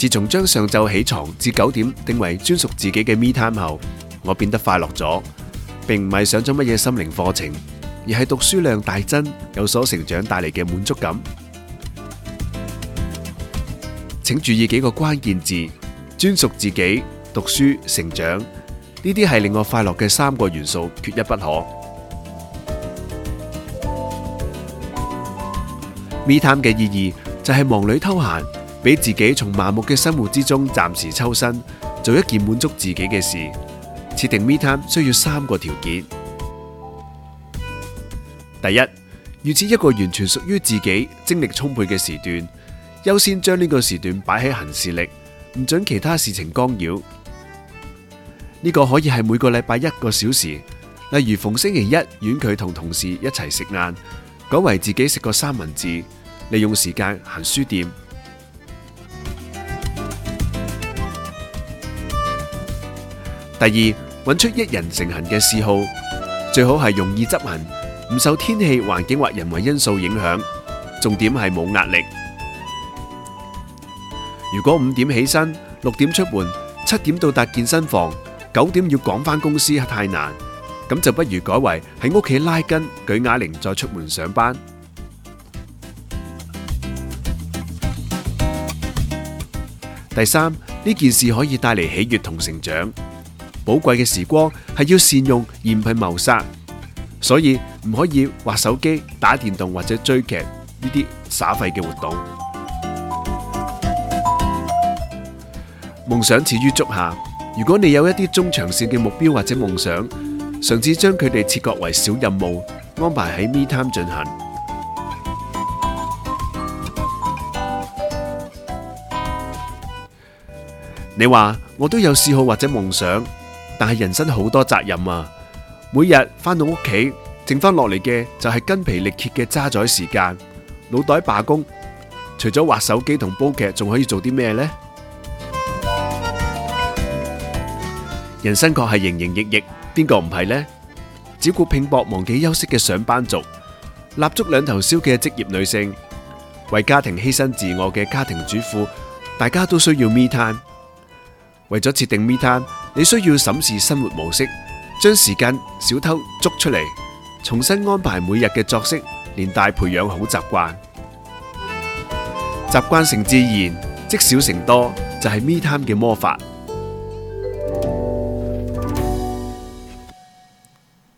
自從將上晝起床至九點定為專屬自己嘅 Me Time 後，我變得快樂咗，並唔係上咗乜嘢心靈課程，而係讀書量大增，有所成長帶嚟嘅滿足感。請注意幾個關鍵字：專屬自己、讀書、成長，呢啲係令我快樂嘅三個元素，缺一不可。Me Time 嘅意義就係忙裏偷閒。俾自己從麻木嘅生活之中暫時抽身，做一件滿足自己嘅事。設定 me time 需要三個條件：第一，預設一個完全屬於自己精力充沛嘅時段，優先將呢個時段擺喺行事曆，唔準其他事情干擾。呢個可以係每個禮拜一個小時，例如逢星期一婉拒同同事一齊食晏，改為自己食個三文治，利用時間行書店。第二，揾出一人成行嘅嗜好，最好係容易執行，唔受天氣、環境或人為因素影響。重點係冇壓力。如果五點起身，六點出門，七點到達健身房，九點要趕返公司太難，咁就不如改為喺屋企拉筋、舉啞鈴再出門上班。第三，呢件事可以帶嚟喜悦同成長。寶貴嘅時光係要善用，而唔係謀殺，所以唔可以滑手機、打電動或者追劇呢啲耍廢嘅活動。夢想始於足下，如果你有一啲中長線嘅目標或者夢想，嘗試將佢哋切割為小任務，安排喺 Me Time 進行。你話我都有嗜好或者夢想。但係人生好多責任啊！每日翻到屋企，剩翻落嚟嘅就係筋疲力竭嘅渣宰時間，腦袋罷工。除咗滑手機同煲劇，仲可以做啲咩呢？ 人生確係營營役役，邊個唔係呢？只顧拼搏忘記休息嘅上班族，蠟燭兩頭燒嘅職業女性，為家庭犧牲自我嘅家庭主婦，大家都需要 me time。為咗設定 Me Time，你需要審視生活模式，將時間小偷捉出嚟，重新安排每日嘅作息，連帶培養好習慣。習慣成自然，積少成多，就係 Me Time 嘅魔法。